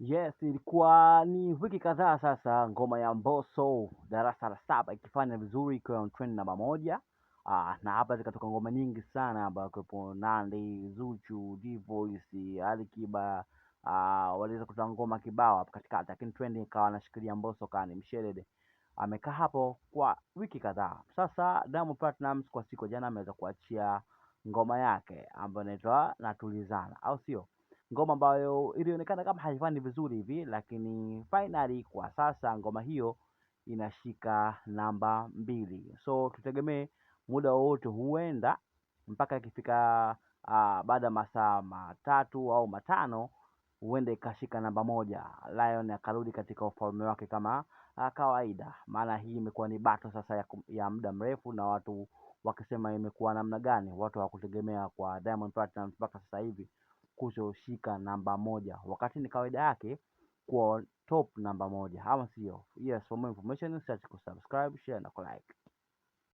Yes, ilikuwa ni wiki kadhaa sasa ngoma ya Mbosso darasa la saba ikifanya vizuri ikiwa trend namba moja. Ah, na hapa zikatoka ngoma nyingi sana ambayo kwepo Nandi, Zuchu, D-Voice, Alikiba ah, waliweza kutoa ngoma kibao hapo katikati, lakini trend ikawa anashikilia Mbosso kani mshelede Amekaa hapo kwa wiki kadhaa sasa. Diamond Platnumz kwa siku jana ameweza kuachia ngoma yake ambayo inaitwa Natulizana, au sio? ngoma ambayo ilionekana kama haifani vizuri hivi, lakini finally kwa sasa ngoma hiyo inashika namba mbili, so tutegemee muda wowote, huenda mpaka ikifika uh, baada ya masaa matatu au matano huenda ikashika namba moja, Lion akarudi katika ufalme wake kama uh, kawaida. Maana hii imekuwa ni bato sasa ya, ya muda mrefu, na watu wakisema imekuwa namna gani, watu hawakutegemea kwa Diamond Platinum mpaka sasa hivi kutoshika namba moja, wakati ni kawaida yake kuwa top namba moja, ama sio? Yes, for more information, search, kusubscribe, share na kulike.